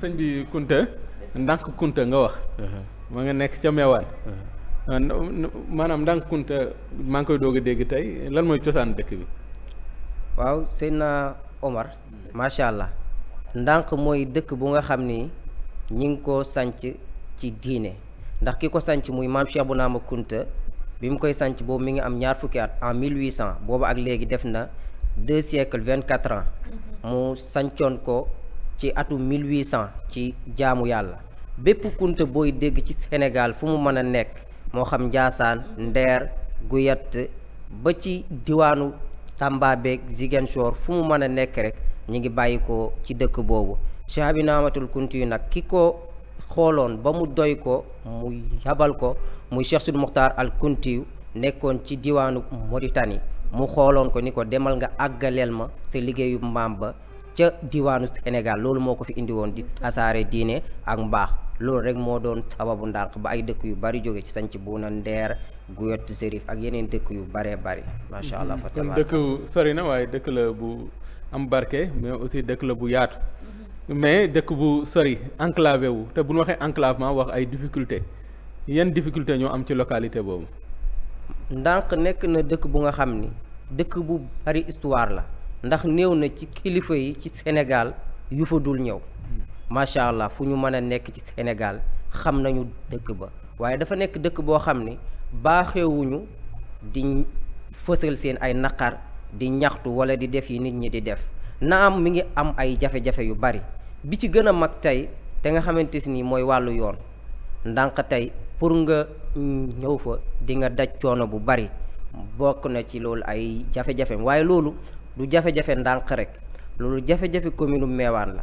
sëñ bi Kunta ndànk Kunta nga wax. Uh-huh. ma nga nekk ca Meewaan. Uh-huh. Ah, maanaam ndànk Kunta maa koy doog a dégg tey lan mooy cosaan dëkk bi. waaw sëñ na Omar macha allah ndànk mooy dëkk bu nga xam ni ñi ngi ko sanc ci diine ndax ki ko sanc muy maam Cheikh Bounama Kunta bi mu koy sanc boobu mi ngi am ñaar fukki at en 1800 boobu ak léegi def na deux siècles quatre ans uh-huh. mu sancoon ko. ci atum 1800 ci jaamu yàlla bépp kunta booy dégg ci Sénégal fu mu mën a nekk moo xam Njaasaan Ndeer Guyat ba ci diwaanu Tamba beeg Ziguinchor fu mu mën a nekk rek ñu ngi bàyyi ko ci dëkk boobu Cheikh Abinaamatul Kunti nag ki ko xooloon ba mu doy ko mu yabal ko muy Cheikh Sud Muxtaar al Kunti nekkoon ci diwaanu Mauritanie mu xooloon ko ni ko demal nga àggaleel ma sa liggéeyu maam ba ca diwaanu Sénégal loolu moo ko fi indi woon di tasaare diine ak mbaax loolu rek moo doon sababu ndànk ba ay dëkk yu bari jóge ci sanc bu na ndeer guyot sérif ak yeneen dëkk yu baree bari macha allah fa tabaar dëkk sori na waaye dëkk bu am barke mais aussi dëkk bu yaatu mais dëkk bu sori enclavé wu te bu ñu waxee enclavement wax ay difficulté yan difficulté ñoo am ci localité boobu ndànk nekk na dëkk bu nga xam ni dëkk bu bari histoire la ndax néew na ci kilifa yi ci Sénégal yu fa dul ñëw macha allah fu ñu mën a nekk ci Sénégal xam nañu dëkk ba waaye dafa nekk dëkk boo xam ni baaxewuñu di fësal seen ay naqar di ñaxtu wala di def yi nit ñi di def na am mi ngi am ay jafe-jafe yu bari bi ci gën a mag tey te nga xamante ni mooy wàllu yoon ndànk tey pour nga ñëw fa dinga nga daj coono bu bari bokk na ci loolu ay jafe-jafe waaye loolu lu jafe-jafe ndànk rek loolu jafe-jafe commune Meewaan la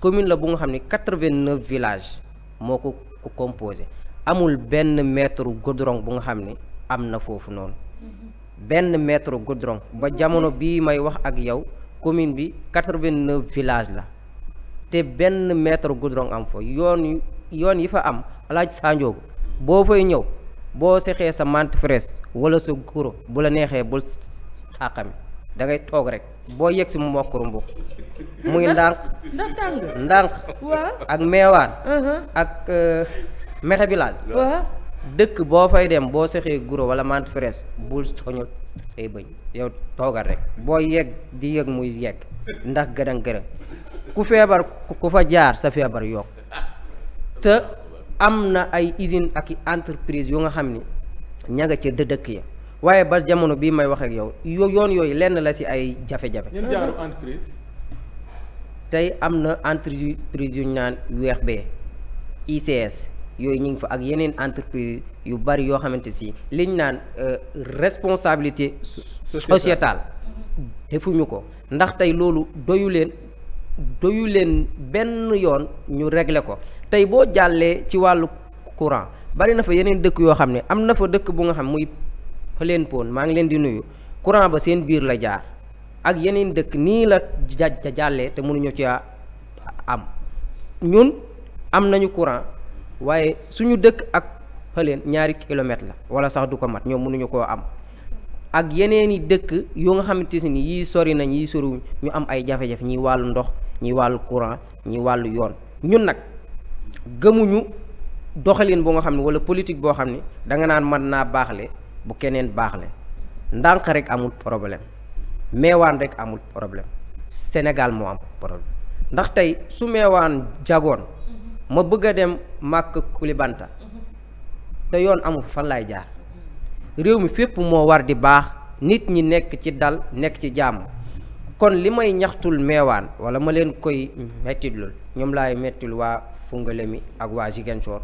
commune la bu nga xam ne quatre-vingt-neuf villages moo ko ko composé amul benn mètre goudron bu nga xam ne am na foofu noonu benn mètre goudron ba jamono bii may wax ak yow commune bi quatre-vingt-neuf village la te benn mètre goudron am fa yoon yoon yi fa am alaaj sandiogu boo fay ñëw boo sexee sa menthe fraîche wala sa guro bu la neexee bul xàqami da ngay toog rek boo yegg si mu mokk rumbu muy ndànk ndànk ak meewaan uh-huh. ak euh, mexe bi laal dëkk boo fay dem boo sexee guro wala mante fraise bul soñu ay bëñ yow toogal rek boo yegg di yegg muy yegg ndax gërëng gërëng ku feebar ku fa jaar sa feebar yokk te am na ay usine ak entreprise yu nga xam ni ña nga ca dëkk ya waaye ba jamono bii may wax ak yow yoon yooyu lenn la ci ay jafe-jafe. ñun tey am na entreprise yu ñu naan URB ICS yooyu ñu ngi fa ak yeneen entreprise yu bari yoo xamante si liñ ñu naan euh, responsabilité sociétale defuñu ko ndax tey loolu doyu leen doyu leen benn yoon ñu régler ko tey boo jàllee ci wàllu courant bari na fa yeneen dëkk yoo xam ne am na fa dëkk bu nga xam muy Hélène Pone maa ngi leen di nuyu courant ba seen biir la jaar ak yeneen dëkk nii la ja jàllee te mënuñu ci am ñun am nañu courant waaye suñu dëkk ak Hélène ñaari kilomètre la wala sax du ko mat ñoom mënuñu koo am ak yeneeni dëkk yoo nga xamante ni yii sori nañ yii soriwuñ ñu am ay jafe-jafe ñi wàllu ndox ñi wàllu courant ñi wàllu yoon ñun nag gëmuñu doxalin boo nga xam ne wala politique boo xam ne danga naan mën naa baaxle bu keneen baax le ndànk rekk amul problème meewaan rek amul problème Sénégal moo am problème ndax tey su meewaan jagoon ma bëgg a dem màkk kulibanta te yoon amul fan laay jaar réew mi fépp moo war di baax nit ñi nekk ci dal nekk ci jàmm kon li may ñaxtul meewaan wala ma leen koy mettitlul ñoom laay mettil waa Fungale mi ak waa Ziguinchor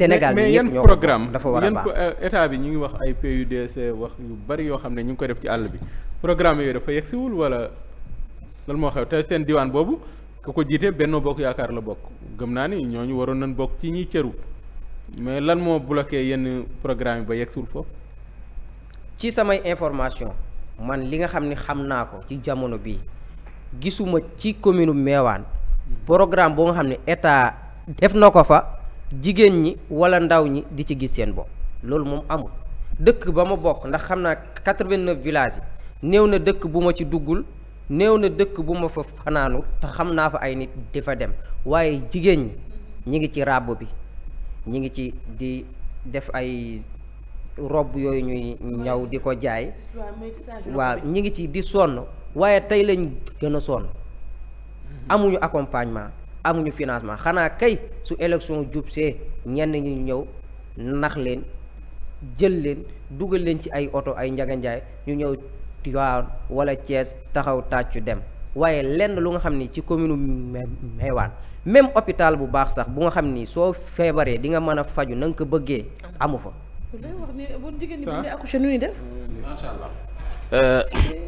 Sénégal mais yan programme dafa war a euh, état bi ñu ngi wax ay PUDC wax yu bari yoo xam ne ñu ngi koy def ci àll bi programme yooyu dafa yegsiwul wala lan moo xew te seen diwaan boobu ku ko jiite Benno Bokk Yaakaar la bokk gëm naa ni ñooñu waroon nañ bokk ci ñiy cëru mais lan moo bloqué yenn programme ba yegsiwul foofu. ci samay information man li nga xam ni xam naa ko ci jamono bii gisuma ci commune Meewaan mhm. programme boo nga xam ne état def ko fa. jigéen ñi wala ndaw ñi di ci gis seen bopp loolu moom amul dëkk ba ma bokk ndax xam naa 89 villages yi néew na dëkk bu ma ci duggul néew na dëkk bu ma fa fanaanu te xam naa fa ay nit di fa dem waaye jigéen ñi ñi ngi ci ràbb bi ñi ngi ci di def ay robb yooyu ñuy ñaw di ko jaay waaw ñi ngi ci di sonn waaye tey lañ gën a sonn amuñu accompagnement amuñu financement xanaa kay su élection jub see ñenn ñi ñëw nax leen jël leen dugal leen ci ay oto ay njaganjaay ñu ñëw Tivaouane wala cees taxaw tàccu dem waaye lenn lu nga xam ni ci commune Mewane même hôpital bu baax sax bu nga xam ni soo feebaree di nga mën a faju na ko bëggee amu fa. day wax ni bon euh,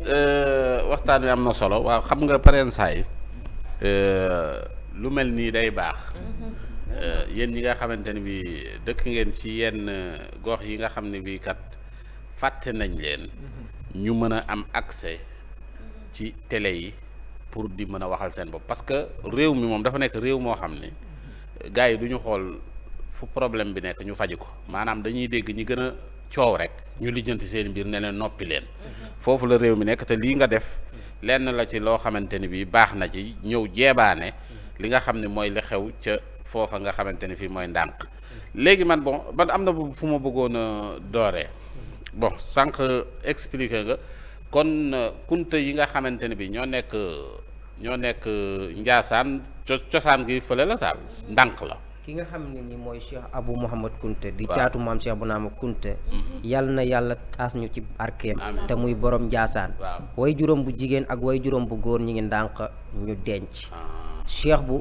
euh, waxtaan wi am na solo waaw xam nga pareen saa yi euh, lu mel nii day baax mm-hmm. euh, yéen ñi nga xamante ne bi dëkk ngeen ci yenn euh, gox yi nga xam ne bii kat fàtte nañ leen mm-hmm. ñu mën a am accès mm-hmm. ci télé yi pour di mën a waxal seen bopp parce que réew mi moom dafa nekk réew moo xam ne gars yi du ñu xool fu problème bi nekk ñu faji ko maanaam dañuy dégg ñi gën a coow rek ñu lijjanti seen mbir ne leen noppi leen foofu la réew mi nekk te lii nga def lenn la ci loo xamante ni bi baax na ci ñëw jeebaane li nga xam ne mooy li xew ca foofa nga xamante ni fii mooy ndànk léegi man bon man am na fu ma bëggoon a dooree bon sànq expliqué nga kon euh, kunta yi nga xamante ne bi ñoo nekk ñoo nekk euh, njaasaan cosaan gi fële la daal ndànk la ki nga xam ne ni mooy Cheikh Abou Mouhamad Kunta di jaatu maam Cheikh bu naama Kunta mm-hmm. yal na yàlla taas ñu ci arkeem te muy borom njaasaan way juróom bu jigéen ak way juróom bu góor ñi ngi ndànk ñu denc ah. cheikh bu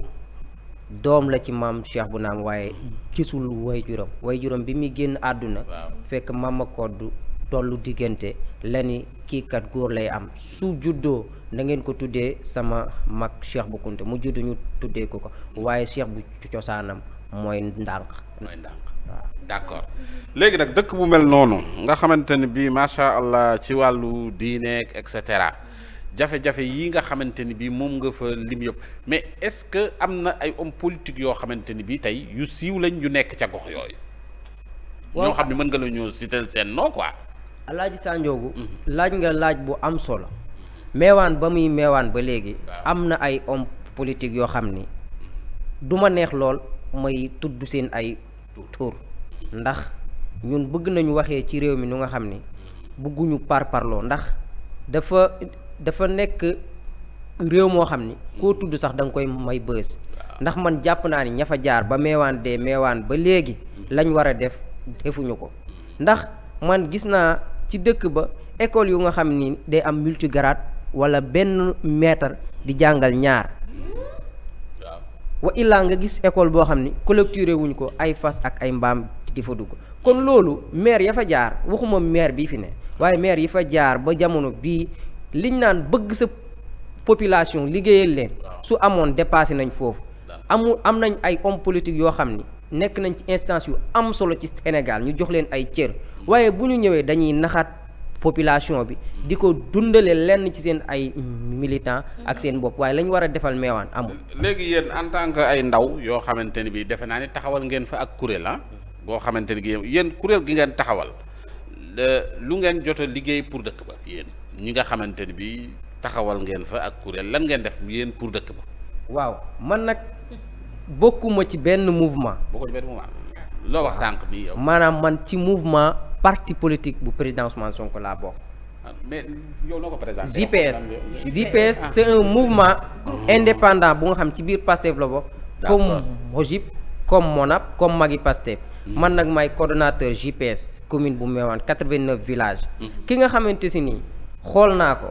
doom la ci maam cheikh bu naam waaye gisul woy juróom woy juróom bi muy génn àdduna fekk maam ak koddu tollu diggante la ni kiikat kat góor lay am su juddoo na ngeen ko tuddee sama mag cheikh bu kunte mu juddu ñu tuddee ko ko waaye cheikh bu cosaanam mooy ndànk mooy léegi nag dëkk bu mel noonu nga xamante ni bii macha allah ci wàllu diineek et cetera jafe-jafe yi nga xamante ni bi moom nga fa lim yëpp mais est-ce que am na ay om politiques yoo xamante ni bi tey yu siiw lañ yu nekk ca gox yooyu ñoo xam ne mën nga la ñoo citer seen non quoi alaaji Sanjoogu mhm. laaj nga laaj bu am solo meewaan ba muy meewaan ba léegi am na ay om politiques yoo xam ni du ma neex lool may tudd seen ay tur ndax ñun bëgg nañu waxee ci réew mi nu nga xam ni mhm. bëgguñu par parloo ndax dafa dafa nekk réew moo xam ni hmm. koo tudd sax danga nga koy may bës ndax man jàpp naa ni ña fa jaar ba meewaan dee meewaan ba léegi hmm. lañ war a def defuñu ko ndax man gis naa ci dëkk ba école yu nga xam ni day am multigrade wala benn maître di jàngal ñaar hmm. wa illaa nga gis école boo xam ni clôturé wuñ ko ay fas ak ay mbaam di fa dugg kon loolu maire ya fa jaar waxuma maire bii fi ne waaye maire yi fa jaar ba jamono bii liñ naan bëgg sa population liggéeyal leen su amoon dépassé nañ foofu amul am nañ ay homme politique yoo xam ni nekk nañ ci instance yu am solo ci Sénégal ñu jox leen ay cër hmm. waaye bu ñu ñëwee dañuy naxaat population bi hmm. di ko dundale lenn ci seen ay militant hmm. ak seen bopp waaye la ñu war a defal meewaan amul. léegi yéen en tant que ay ndaw yoo xamante ni bii defe naa ne taxawal ngeen fa ak kuréel ah boo xamante ni bii yéen kuréel gi ngeen taxawal lu ngeen jot liggéey pour dëkk ñi nga xamante ni bi taxawal ngeen fa ak kuréel lan ngeen def yéen pour dëkk ba waaw man nag bokkuma ci benn mouvement bokkuma loo wax sànq bi maanaam man ci mouvement parti politique bu président Ousmane Sonko laa bokk ah, mais yow noo ko présenté JPS JPS ah. mouvement indépendant bu nga xam ci biir Pastef la bokk comme Mojib comme Monap comme Maggi Pastef hmm. man nag maay coordonnateur JPS commune bu Mewane 89 village ki nga xamante si nii xool naa ko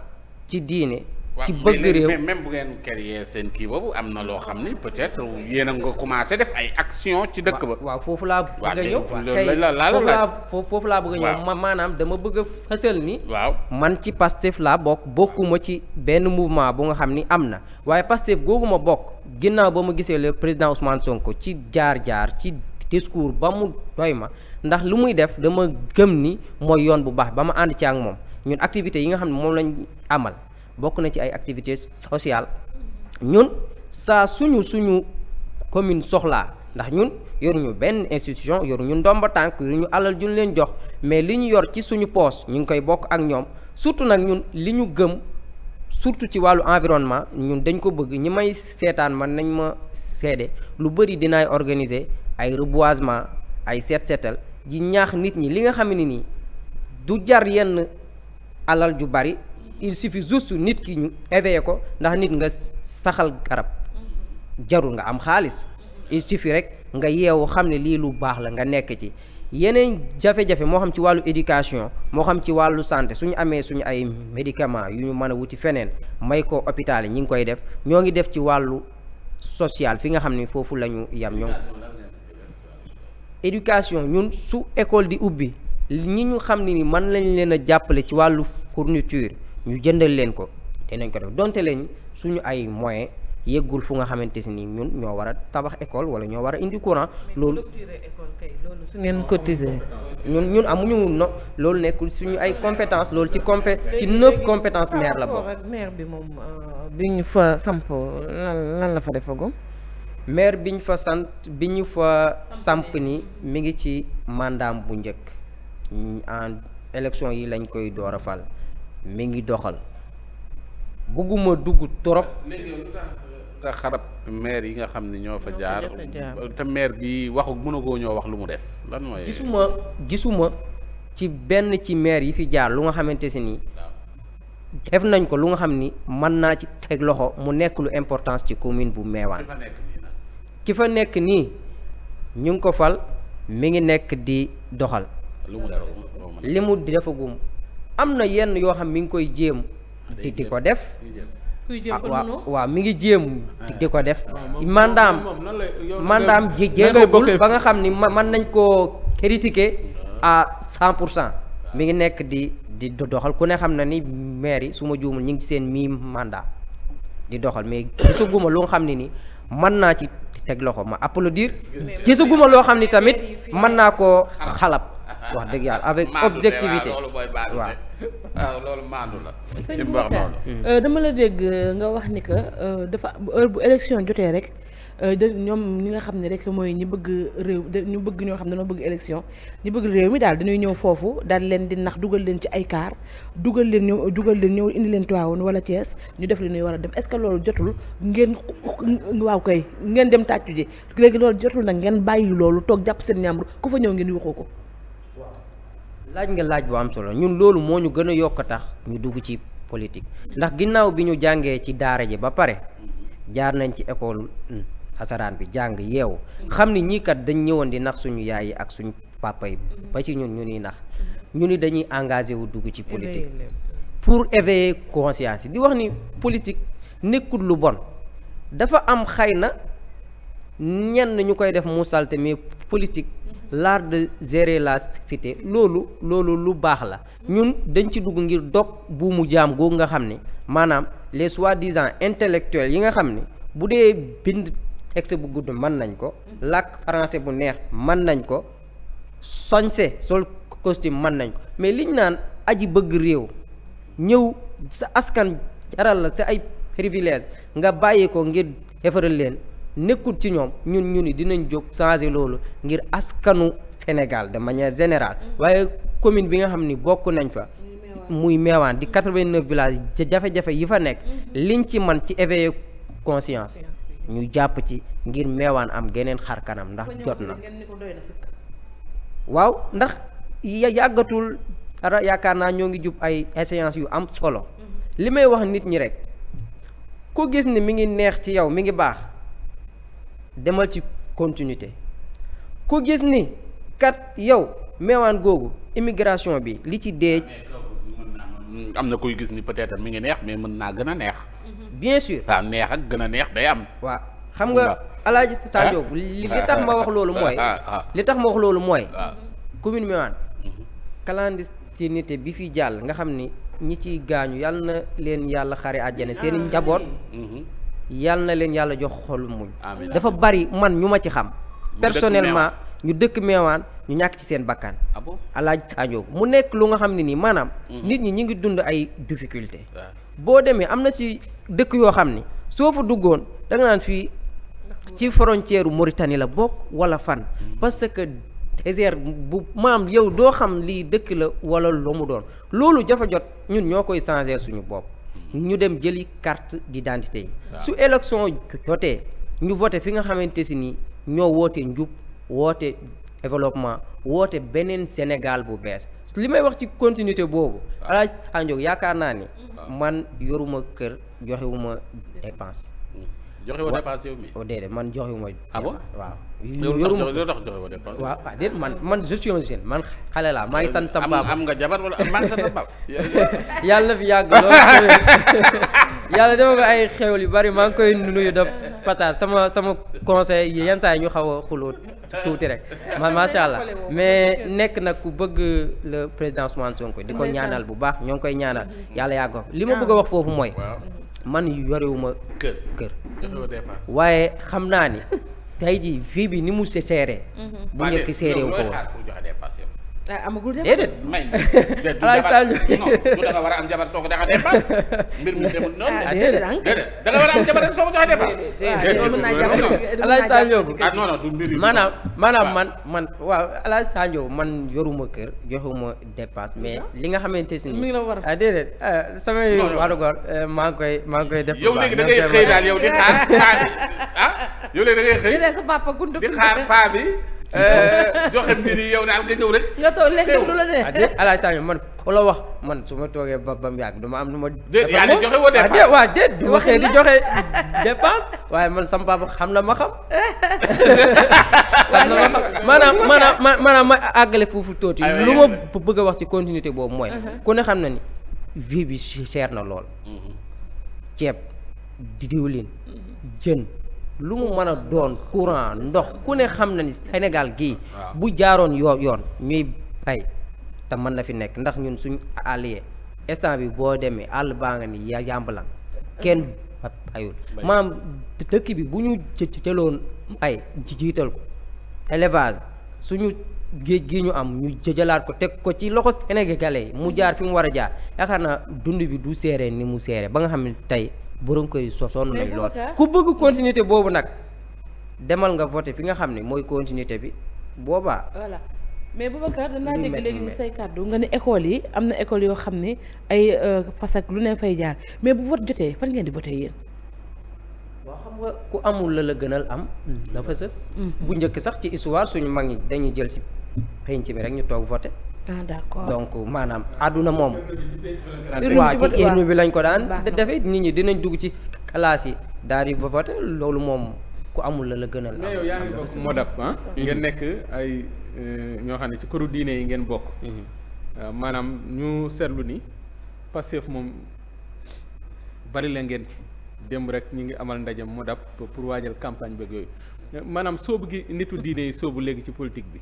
ci diine. ci bëgg réew mais même bu ngeen créer seen kii boobu am na loo xam ni peut-être yéen a nga commencé def ay action ci dëkk ba. waaw foofu laa bëgg a ñëw tey foofu laa foofu laa bëgg a ñëw ma maanaam dama bëgg a fësal ni. waaw man ci Pastef laa bokk bokkuma ci benn mouvement bu nga xam ni am na waaye Pastef googu ma bokk ginnaaw ba ma gisee le président Ousmane Sonko ci jaar-jaar ci discours ba mu doy ma ndax lu muy def dama gëm ni mooy yoon bu baax ba ma ànd ci ak moom. ñun activités yi nga xam ne moom lañ amal bokk na ci ay activités sociale ñun saa suñu suñu commune soxlaa ndax ñun yoruñu benn institution ñun ndomba tànk ñu alal ju leen jox mais li ñu yor ci suñu poos ñu ngi koy bokk ak ñoom surtout nag ñun li ñu gëm surtout ci wàllu environnement ñun dañ ko bëgg ñi may seetaan man nañ ma seede lu bëri dinaay organiser ay reboisement ay seet seetal ji ñaax nit ñi li nga xam ne nii du jar yenn alal ju bari il suffit juste nit ki ñu éveillé ko ndax nit nga saxal garab jarul nga am xaalis il suffit rek nga yeewu xam ne lii lu baax la nga nekk ci yeneen jafe-jafe moo xam ci wàllu éducation moo xam ci wàllu santé suñu amee suñu ay médicament yu ñu mën a wuti feneen may ko hôpital yi ñi ngi koy def ñoo ngi def ci wàllu sociale fi nga xam ne foofu la ñu yam ñoo éducation ñun su école di ubbi ñi ñu xam ne ni man lañ leen a jàppale ci wàllu fourniture ñu jëndal leen ko dinañ ko def donte leen suñu ay moyen yëgul fu nga xamante si ni ñun ñoo war a tabax école wala ñoo war a indi courant loolu ngeen cotiser ñun ñun amuñu no loolu nekkul suñu ay compétence loolu ci compé ci neuf compétence maire la bokk maire bi moom euh, bi ñu fa samp lan la fa defagum maire bi ñu fa sant bi ñu fa samp ni mi ngi ci mandaam bu njëkk en élection yi lañ koy door a fal mi ngi doxal bëgguma dugg trop. léegi xarab maire yi nga xam ne ñoo fa jaar te maire bi waxu mënagoo ñoo wax lu mu def lan gisuma gisuma ci benn ci maire yi fi jaar lu nga xamante si ni def nañ ko lu nga xam ni mën naa ci teg loxo mu nekk lu importance ci commune bu Meewaan ki fa nekk nii ñu ngi ko fal mi ngi nekk di doxal li mu defagum am na yenn yoo xam ne mi ngi koy jéem ti di ko def ah, waaw waaw mi ngi jéem di ko def ah, mandam mandaam jeexagul ba nga xam ni man nañ koo critiquer ah. à cent pour cent mi ngi nekk di di doxal ku ne xam na ni maire yi su ma juumul ñu ngi ci seen mii mandat di doxal mais gisaguma lu nga xam ne ni mën naa ci teg loxo ma applaudir gisaguma loo xam ni tamit mën naa ko xalab wax dëgg yàlla avec objectivité waaw waaw loolu maandu la. sëñ Boubacar euh, dama la dégg euh, nga wax ni que euh, dafa heure bu élection jotee rek ñoom ñi nga xam ne rek mooy ñi bëgg réew ñu bëgg ñoo xam ne dañoo bëgg élection ñi bëgg réew mi daal dañuy ñëw foofu daal leen di nax dugal leen ci ay kaar dugal leen ñëw dugal leen ñëw indi leen woon wala Thiès ñu def li ñuy war a def ce que loolu jotul ngeen waaw kay ngeen dem tàccu ji léegi loolu jotul nag ngeen bàyyi loolu toog jàpp seen ñàmbur ku fa ñëw ngeen yuuxoo ko. laaj nga laaj bu am solo ñun loolu moo ñu gën a yokk tax ñu dugg ci politique ndax ginnaaw bi ñu jàngee ci daara ji ba pare jaar nañ ci école xasaraan bi jàng yeewu xam ni ñii kat dañ ñëwoon di nax suñu yaay yi ak suñu papa yi ba ci ñun ñu ni nax ñu ni dañuy engagé wu dugg ci politique pour éveiller conscience yi di wax ni politique nekkul lu bon dafa am xay na ñenn ñu koy def mu salte mais politique l'art de gérer la cité loolu loolu lu baax la ñun dañ ci dugg ngir dog buumu jaam googu nga xam ni maanaam les soi-disant intellectuels yi nga xam ni bu dee bind texte bu gudd mën nañ ko làkk français bu neex mën nañ ko soñse sol costume mën nañ ko mais liñ naan aji bëgg réew ñëw sa askan jaral la sa ay privilège nga bàyyi ko ngir defaral leen nekkul ci ñoom ñun ñu ni dinañ jóg changer loolu ngir askanu Sénégal de manière général mm. waaye commune bi nga xam ni bokk nañ fa muy meewaan di 89 village jafe-jafe yi fa nekk mm-hmm. liñ ci man ci éveiller conscience ñu jàpp ci ngir meewaan am geneen xar kanam ndax jot na waaw ndax yàggatul ara yaakaar naa ñoo ngi jub ay échéances yu am solo mm-hmm. li may wax nit ñi rek ku gis ni mi ngi neex ci yow mi ngi baax demal ci continuité ku gis ni kat yow meewaan googu immigration bi li ci dee. Ah, am na kuy gis ni peut-être mi ngi neex mais mën naa gën a neex. Mm-hmm. bien sûr waaw ah, neex ak gën a neex day am. waa xam nga Alaaji ah. Sadio li tax ma wax loolu mooy. li tax ma wax loolu mooy. commune Mewane. Mm-hmm. clandestinité bi fi jàll nga xam ni ñi ciy gaañu yàlla na leen yàlla xare àjjana seen i njaboot. Mm-hmm. yal na leen yàlla jox xol muñ dafa bari man ñu ma ci xam personnellement ñu dëkk meewaan ñu ñàkk ci seen bakkan ah alaaj tànjoo mu nekk lu nga xam ne nii maanaam mm-hmm. nit ñi ñu ngi dund ay difficulté boo demee am na ci dëkk yoo xam ni soo fa duggoon da nga fii ci frontière Mauritanie la bokk wala fan mm-hmm. parce que désert bu maam yow doo xam lii dëkk la wala lu mu doon loolu jafe jot ñun ñoo koy changer suñu bopp ñu dem jëli kart di yi su élection jotee ñu voté fi nga xamante si ni ñoo woote njub woote développement woote beneen Sénégal bu bees li may wax ci continuité boobu alaaj xanjoog yaakaar naa ni man yoruma kër joxewuma dépense mm. joxe woo oh, man joxe wu ma. ah bon waaw. loolu tax waaw ah man man je suis man xale laa maa ngi eh, sant sa baab. am nga jabar wala yàlla na fi yàgg lool yàlla dafa ko ay xéwal yu bari maa ngi koy nuyu da passage sama sama conseil yi saa yi ñu xaw a xulóot tuuti rek man macha allah mais nekk nag ku bëgg le président Ousmane Sonko di ko ñaanal bu baax ñoo ngi koy ñaanal yàlla yàgg ko li ma bëgg wax foofu mooy man yorewuma kër kër. waaye xam naa ni tey jii vie bi ni mu seeree. Mhm. bu njëkk seeree ko ah amagul jabar déedéet may alaaj Sall du da nga war a am jabar soo ko joxe départ mbir mi demul noonu ah, déedéet da nga war a am jabar soo ko joxe départ alaaj Sall Ndiogu ah non non du mbir maanaam maanaam man man waaw alaaj Sall Ndiogu man yoruma kër joxuma dépense mais li nga xamante si ni ah déedéet ah, sama warugar eh, maa ngi koy maa ngi koy def yow léegi da ngay xëy daal yow di xaar paa bi ah yow léegi da ngay xëy di xaar paa bi Eh, joxe mbir yow daal nga ñëw rek. nga toog lekk lu la neex. alaaj Sami man ku la wax man su ma toogee ba ba mu yàgg du ma am nu ma. déet yaa joxe woo dépense di waxee di joxe waaye man sama papa xam na ma xam. xam na ma xam ma àggale foofu tooti lu ma bëgg a wax ci continuité boobu mooy. Uh-huh. ku ne xam na ni vie bi cher na lool. Mm-hmm. ceeb diwlin mm-hmm. jën. lu mu mën a doon courant ndox ku ne xam na ni Sénégal gii bu jaaroon yoo yoon ñuy bay te mën na fi nekk ndax ñun suñ allié instant bi boo demee àll baa nga ni ya yàmbalan kenn ayul maam dëkk bi bu ñu jëloon ay jiital ko élevage suñu géej gi ñu am ñu jëjalaat ko teg ko ci loxo Sénégalais yi mu jaar fi mu war a jaar yaakaar naa dund bi du seeree ni mu seere ba nga xam ne tey borom kër yi sonn nañ lool ku bëgg continuité boobu nag demal nga voté fi nga xam ni mooy continuité bi boobaa. voilà mais Boubacar danaa dégg léegi ni say kàddu nga ne école yi am na école yoo xam ni ay euh, fas lu ne fay jaar mais bu vote jotee fan ngeen di voté yéen. waaw xam nga ku amul la la gënal am. dafa sës. Mm-hmm. bu njëkk sax ci histoire suñu mag ñi dañuy jël ci penc mi rek ñu toog voté. ah d'accord donc maanaam àdduna moom. waa ci urne bi lañ ko daan. defee nit ñi dinañ dugg ci classe yi daal di vote loolu moom ku amul la la gënal. mais yow yaa ngi bokk Modap ah. ngeen nekk ay euh, ñoo xam ne ci këru diine yi ngeen bokk. Mhm. Euh, maanaam ñu seetlu ni Pastef moom bari la ngeen ci démb rek ñu ngi amal ndaje Modap pour waajal campagne beeg yooyu euh, maanaam soobu gi nitu diine yi soobu léegi ci politique bi.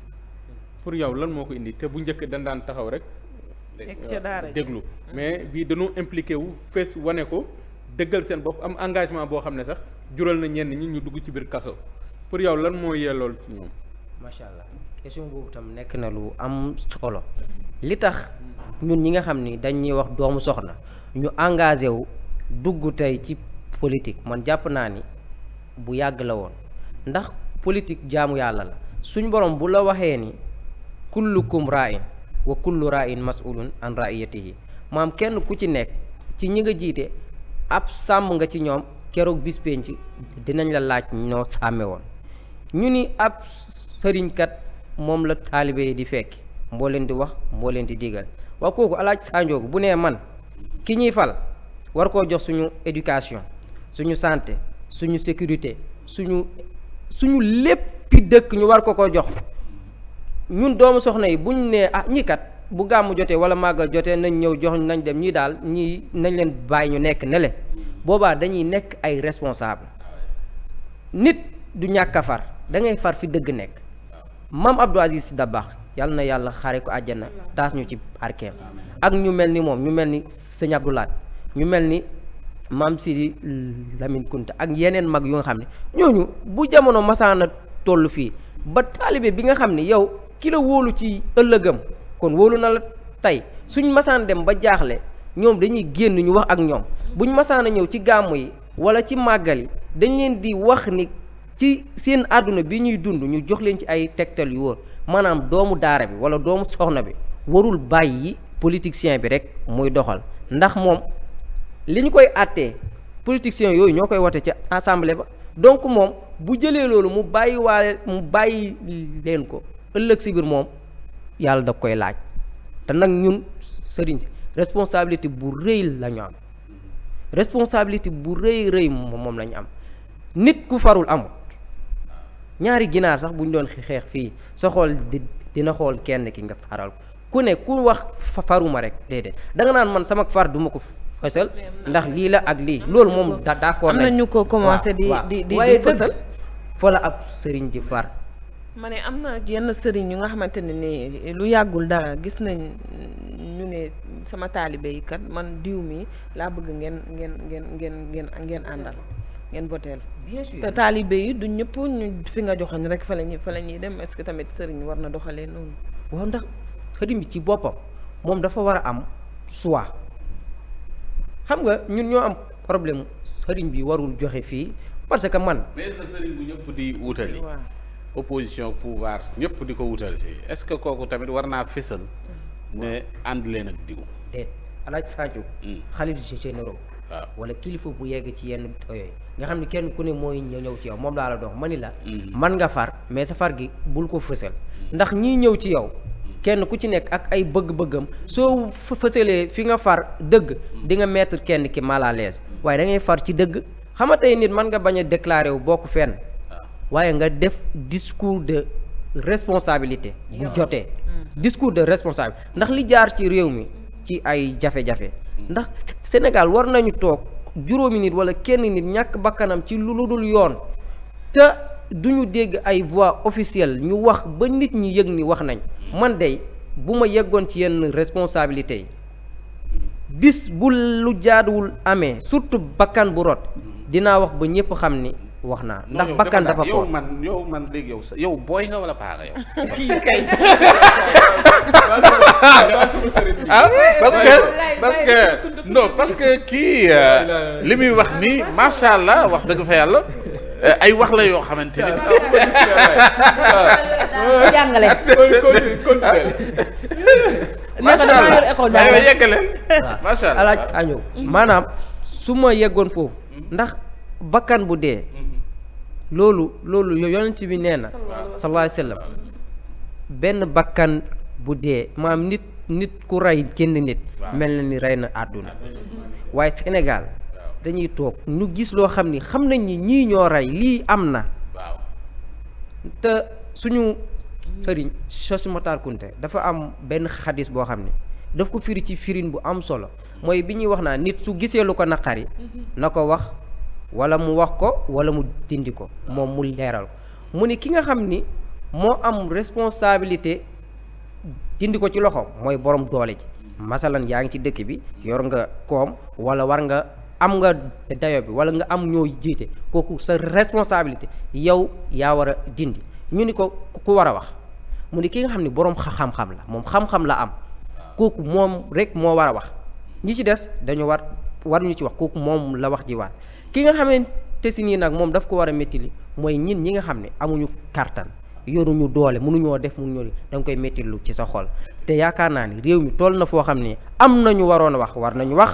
pour yow lan moo ko indi te bu njëkk dañ daan taxaw rek. déglu mais bii dañoo impliqué wu fees wane ko dëggal seen bopp am engagement boo xam ne sax jural na ñenn ñi ñu dugg ci biir kaso pour yow lan moo yee ci ñoom. macha allah question boobu tam nekk na lu am solo li tax ñun ñi nga xam ni dañuy wax doomu soxna ñu engagé wu dugg tey ci politique man jàpp naa ni bu yàgg la woon ndax politique jaamu yàlla la suñ borom bu la waxee ni. kullukum ra'in wa kullu ra'in mas'ulun an ra'iyatihi maam kenn ku ci nekk ci ñi nga jiite ab sàmm nga ci ñoom keroog bis dinañ la laaj ñoo sàmme woon ñu ni ab sëriñkat moom la taalibe di fekki mboo leen di wax mboo leen di digal waa kooku alaaj sànjoogu bu nee man ki ñuy fal war koo jox suñu éducation suñu sante suñu sécurité suñu suñu léppi dëkk ñu war ko ko jox ñun doomu soxna yi buñ nee ah ñii kat bu gàmmu jotee wala màggal jotee nañ ñëw jox nañ dem ñii daal ñii nañ leen bàyyi ñu nekk ne boobaa dañuy nekk ay responsable nit du ñàkk a far dangay far fi dëgg nekk maam Abdou Aziz Sy Dabakh yàlla na yàlla xare ko àjjana taas ñu ci arkeem ak ñu mel ni moom ñu mel ni sëñ Abdou Lahat ñu mel ni maam Sidi Lamine Kunta ak yeneen mag yu nga xam ne ñooñu bu jamono masaana toll fii ba taalibe bi nga xam ne yow kilo la wóolu ci ëllëgam kon wóolu na la tey suñ masaan dem ba jaaxle ñoom dañuy génn ñu wax ak ñoom buñ masaan a ñëw ci gàmmu yi wala ci màggal yi dañ leen di wax ni ci seen àdduna bi ñuy dund ñu jox leen ci ay tegtal yu wóor maanaam doomu daara bi wala doomu soxna bi warul bàyyi politicien bi rek muy doxal ndax moom li ñu koy àttee politiciens yooyu ñoo koy wote ca assemblée ba donc moom bu jëlee loolu mu bàyyi waale mu bàyyi leen ko ëllëg si biir moom yàlla da koy laaj te nag ñun sëriñ si responsabilité bu rëy lañu am responsabilité bu rëy rëy moom la am nit ku farul amut ñaari ginaar sax bu ñu doon xeex fii sa xool di dina xool kenn ki nga faral ku ne ku wax faruma rek déedéet da nga naan man sama far du ma ko fësal ndax lii la ak lii loolu moom d'accord nañ am na ñu ko commencé di di di fësal fa la ab sëriñ di far ma ne am na yenn sëriñ yu nga xamante ne ni lu yàggul dara gis nañ ñu ne sama taalibe yi kat man diw mi laa bëgg ngeen ngeen ngeen ngeen ngeen ngeen àndal ngeen boteel bien sûr te taalibe yi du ñëpp ñu fi nga joxoñ rek fa la ñuy fa la ñuy dem est que tamit sëriñ war na doxalee noonu. waaw ndax sëriñ bi ci boppam moom dafa war a am choix xam nga ñun ñoo am problème sëriñ bi warul joxe fii parce que man. mais sëriñ bu opposition pouvoir ñëpp di ko wutal si est-ce que kooku tamit war naa fésal ne ànd leen ak diw déet alaaj Fadio hmm. xalif généraux waaw wala kilifa bu yegg ci yenn yooyu nga xam ni kenn ku ne mooy ñëw ci yow moom laa la dox ma ni la hmm. man nga far mais sa far gi bul ko fësal hmm. ndax ñi ñëw ci yow kenn ku ci nekk ak ay bëgg-bëggam soo fësalee fi nga far dëgg di nga mettre kenn ki mal à l'aise waaye da ngay far ci dëgg xam nga nit mën nga bañ a déclaré wu bokk fenn waaye nga def discours de responsabilité bu jotee mm. discours de responsabilité ndax li jaar ci réew mi ci ay jafe-jafe mm. ndax Sénégal war nañu toog juróomi nit wala kenn nit ñàkk bakkanam ci lu dul yoon te duñu dégg ay voix officielle ñu wax ba nit ñi yëg ni wax nañ mm. man dey bu ma yeggoon ci yenn responsabilité yi bis bu lu jaaduwul amee surtout bakkan bu rot dinaa wax ba ñépp xam ni wax naa ndax bakkan dafa ko yow man yow man léegi yow yow booy nga ah parce que parce que kii euh, li muy wax nii macha allah wax dëgg fa yàlla. Euh, ay wax la yoo xamante ni. jàngale. Ah. macha allah macha allah. Mm-hmm. maanaam su ma yeggoon foofu mm-hmm. ndax. bakkan bu dee loolu loolu yonent bi nee na sallallahu alayhi bakkan bu dee maam nit nit ku rey kenn nit mel na ni rey na àdduna waaye Sénégal dañuy toog ñu gis loo xam ni xam nañ ni ñii ñoo rey lii am na te suñu sëriñ Cheikh Matar Kunte dafa am benn xadis boo xam ne daf ko firi ci firin bu am solo mooy bi ñuy wax naa nit su gisee lu ko naqari mhm. na ko wax wala mu wax ko wala mu dindi ko moom mu leeral ko mu ni ki nga xam ni moo am responsabilité dindi ko ci loxo mooy borom doole ji masalan yaa ngi ci dëkk bi yor nga koom wala war nga am nga dayo bi wala nga am ñoo jiite kooku sa responsabilité yow yaa war a dindi ñu ni ko ku war a wax mu ni ki nga xam ni borom xam-xam la moom xam-xam la am kooku moom rek moo war a wax ñi ci des dañu war war ñu ci wax kooku moom la wax ji war ki nga xamante si nii nag moom daf ko war a métti li mooy ñin ñi nga xam ne amuñu kartan yoruñu doole mënuñoo def mënuñoo di da koy métti lu ci sa xol te yaakaar naa ni réew mi toll na foo xam ne am nañu waroon wax war nañu wax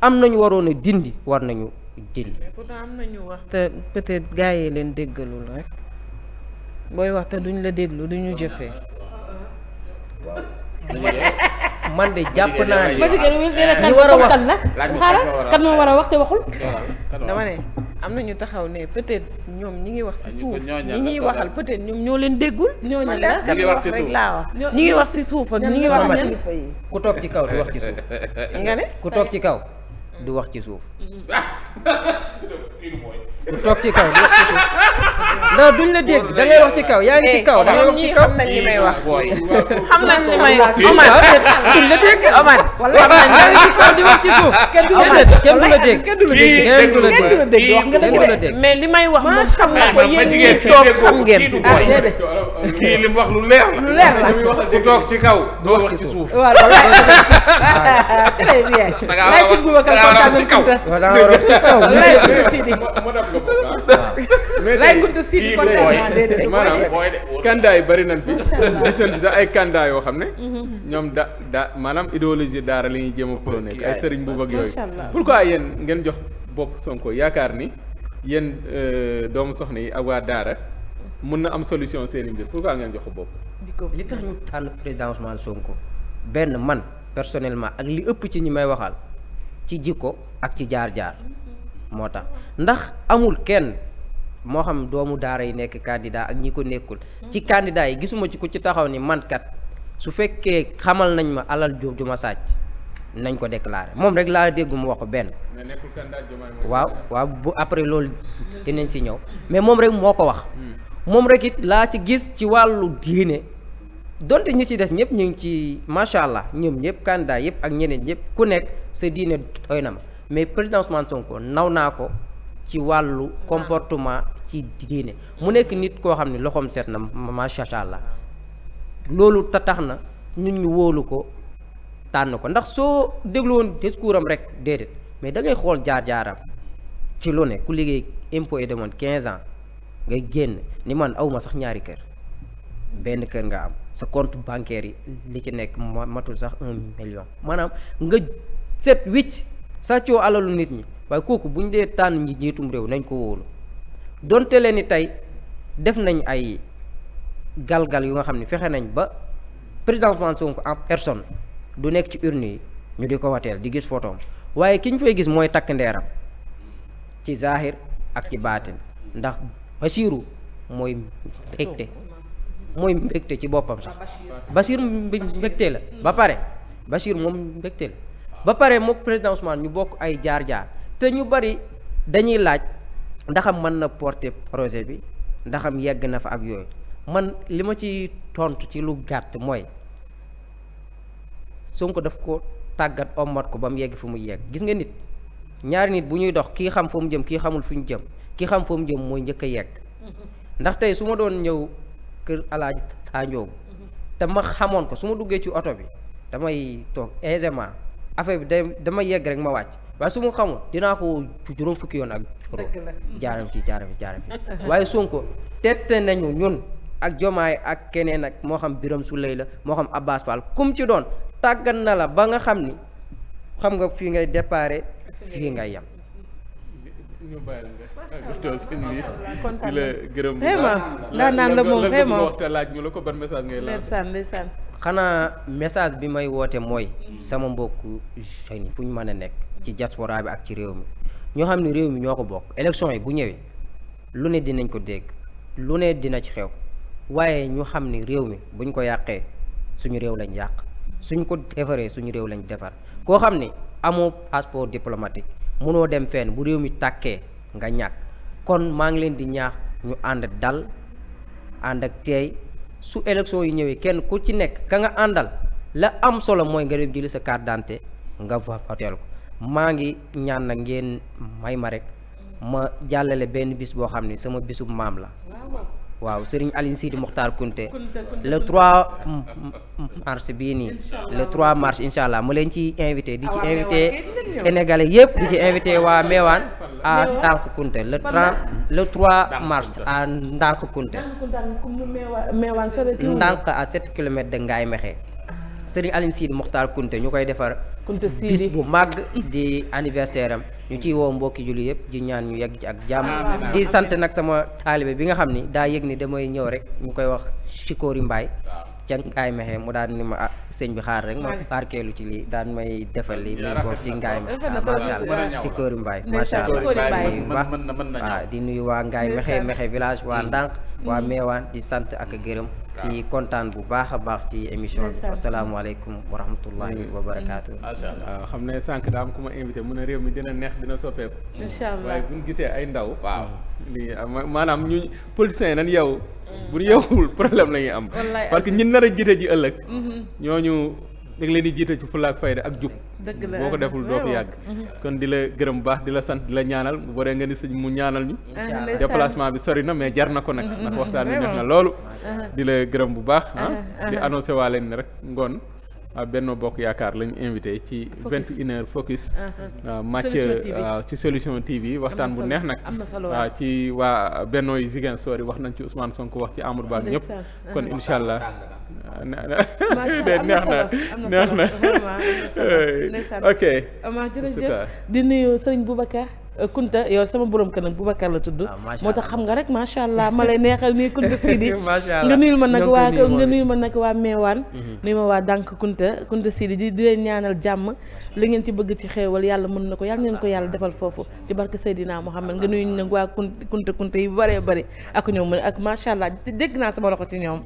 am nañu waroon a dindi war nañu dindi. pourtant am nañu wax te peut-être leen déggalul rek booy wax te duñ la déglu duñu jëfee. man de jàpp naa ne. ñu war a wax xaaral kan moo war a wax te waxul. dama ne am na ñu taxaw ne peut-être ñoom ñi ngi wax ci suuf ñi ñuy waxal peut-être ñoom ñoo leen déggul. ñooñu la ñi ngi wax ci ñi ngi wax ci suuf ak ñi ngi wax ñenn ku toog ci kaw di wax ci suuf. nga ne ku toog ci kaw di wax ci suuf. Mm-hmm. toog ci kaw di wax ci suuf ndax duñ la dégg da ngay wax ci kaw yaa ngi ci eh, kaw da ngay wax ci kaw xam nañ li may wax xam nañ li may wax Omar duñ la dégg Omar wala yaa ngi ci kaw di wax ci suuf kenn du la dégg kenn du la dégg kenn du la dégg kenn du la dégg wax nga dëgg de mais li may wax moom xam na ko yéen ñi toog xam ngeen ah, déedéet kii li mu wax lu leer la lu leer la ku toog ci kaw doo wax ci suuf waaw très bien lay si Boubacar kontaan nañ ci kaw ray ngunda siidi kon maanaam kandaa yi bari nañ fi deseen sax ay kandaa yoo xam ne mhm. ñoom da da maanaam idéologie daara li ñuy jéem a prôné ay sëriñ bu bëgg yooyu pourquoi yéen ngeen jox bokk Sonko yaakaar ni yéen euh, doomu soxna yi ak waa daara mun na am solution seeni mbir pourquoi ngeen jox bopp li tax ñu tànn président Sonko benn man personnellement ak li ëpp ci ñi may waxal ci jikko ak ci jaar-jaar moo tax ndax amul kenn moo xam doomu daara yi nekk candidat ak ñi ko nekkul ci candidat yi gisuma ci ku ci taxaw ni mankat su fekkee xamal nañ ma alal ju ma sàcc nañ ko déclaré moom rek laa dégg mu wax benn waaw waaw bu après loolu dinañ si ñëw mais moom rek moo ko wax hmm. moom rek it laa ci gis ci wàllu diine donte ñi ci des ñëpp ñu ngi ci macha allah ñoom ñëpp candidat yëpp ak ñeneen ñëpp ku nekk sa diine doy na ma mais président Ousmane Sonko naw naa ko ci wàllu comportement ci diine mu nekk nit koo xam ne loxoom seet na macha la loolu tatax na ñun ñu wóolu ko tànn ko ndax soo dégluwoon discours am rek déedéet mais da ngay xool jaar-jaaram ci lu ne ku liggéey impôt et demande quinze ans nga génn ni man awma sax ñaari kër benn kër nga am sa compte bancaire yi li ci nekk matul sax un million maanaam nga set wicc sàccoo alalu nit ñi waaye kooku bu ñu dee tànn ñi njiitum réew nañ ko wóolu donte leen ni tey def nañ ay galgal yu nga xam ni fexe nañ ba président Ousmane ko en personne du nekk ci urne yi ñu di ko wateel di gis photoom waaye ki ñu fay gis mooy takk ndeeram ci zahir ak ci baatin ndax Basiiru mooy mbégte mooy mbégte ci boppam sax Basiir mbégte la ba pare Basiir moom mbégte la ba pare mook président Ousmane ñu bokk ay jaar-jaar te ñu bari dañuy laaj ndaxam man na porté projet bi ndaxam yegg na fa ak yooyu man li ma ci tontu ci lu gàtt mooy Sonko daf ko tàggat ommat ko ba mu yegg fu mu yegg gis nga nit ñaari nit bu ñuy dox kii xam fu mu jëm kii xamul fu ñu jëm kii xam fu mu jëm mooy njëkk a yegg ndax tey su ma doon ñëw kër alaaji Tandioogu te ma xamoon ko su ma duggee ci oto bi damay toog aisément affaire bi day dama yegg rek ma wàcc waaye su ma xamul dinaa ko juróom fukki yoon ak juróom jaaram ci jaaram ci jaaram ci waaye Sonko tette nañu ñun ak jomaay ak keneen ak moo xam Biram Souleye la moo xam Abbas Fall kum ci doon tàggat na la ba nga xam ni xam nga fii ngay déparé fii ngay yem ñu bàyyi la nga di la gërëm bu la moom vraiment laaj ko ban message ngay xanaa message bi may woote mooy sama mbokku jeunes fu ñu mën a nekk ci diaspora bi ak ci réew mi ñoo xam ne réew mi ñoo ko bokk élection yi bu ñëwee lu ne dinañ ko dégg lu ne dina ci xew waaye ñu xam ne réew mi buñ ko yàqee suñu réew lañ yàq suñ ko defaree suñu réew lañ defar koo xam ne amoo passeport diplomatique mënoo dem fenn bu réew mi tàkkee nga ñàkk kon maa ngi leen di ñaax ñu ànd dal ànd ak teey su élection yi ñëwee kenn ku ci nekk ka nga àndal la am solo mooy nga dem jëli sa carte d'identité nga voteel ko maa ngi ñaan na ngeen may ma rek ma jàllale benn bis boo xam ne sama bisub maam la waaw Serigne Aline Sidi Mokhtar Kunte le 3 mars bii nii le trois mars incha allah ma leen ci invité di ci ah, invité sénégal yépp di ci invité waa Meewaan à Ndankounté le 30 le 3 mars à Ndankounté Ndank à 7 kilomètres de Ngaye Mekhe Serigne Aline Sidi Mokhtar Kounté ñu koy defar bis bu màgg di anniversaire am ñu ci woo mbokki julli yëpp di ñaan ñu yegg ci ak jàmm di sant nag sama taalibe bi nga xam ni daa yëg ni damay ñëw rek ñu koy wax Chikori Mbaye ca ngaay mexe mu daan ma ah sëñ bi xaar rek ma barkeelu ci lii daan may defal lii muy boobu ci ngaay mexe macha allah si Kori Mbaye macha allah waaw di nuyu waa ngaay mexe mexe village waa mm. ndànk waa mm. meewaan di sant ak gërëm ci kontaan bu baax a baax ci émission bi asalaamaaleykum wa rahmatullahi mm. wa barakaatu. macha xam ne sànq daa am ku ma invité mu ne réew mi dina neex dina soppeeku. incha allah waaye gisee ay ndaw. waaw lii ah, maanaam ñu politiciens yi nan yow. bu ñu yeewul problème la ñuy am. parce que ñi nar a jiite ji ëllëg. Mhm. ñooñu da leen di jiite ci fulaak fayda ak jub. dëgg la boo ko deful doo ko yàgg. Mhm. kon di la gërëm bu baax di la sant di la ñaanal bu baree nga ni sëñ mu ñaanal ñu. Ah, déplacement bi sori na mais jar na ko nag. Mhm, ndax waxtaan bi neex na loolu. Ah. di la gërëm bu baax. Ah. di annoncé waa leen ni rek ngoon. Benno Bokk Yaakaar lañu invité ci vingt une heure focus uh-huh. uh, match uh, waaw ci solution TV waxtaan bu neex nag uh, waaw ci waa Benno yi Ziguinchor yi wax nañ ci Ousmane Sonko wax ci Amadou Ba ñëpp kon uh-huh. incha allah neex na neex na ok di nuyu sëriñ Boubacar Euh, Kunta yow sama borom kër bu Boubacar la tudd ah, moo tax xam nga rek macha allah ma lay neexal nii Kunta Sidi nga nuyul ma nag waa nga nuyul ma nag waa meewaan mhm. nuyu ma waa dànk Kunta Kunta Sidi di di leen ñaanal jàmm li ngeen ci bëgg ci xéewal yàlla mën na ko yàlla ngeen ko yàlla defal foofu ci barke Seydina Mouhamed nga nuyu nag waa Kunta Kunta Kunta yi bëree bëri ak ñoom ak macha allah dégg naa sama loxo ci ñoom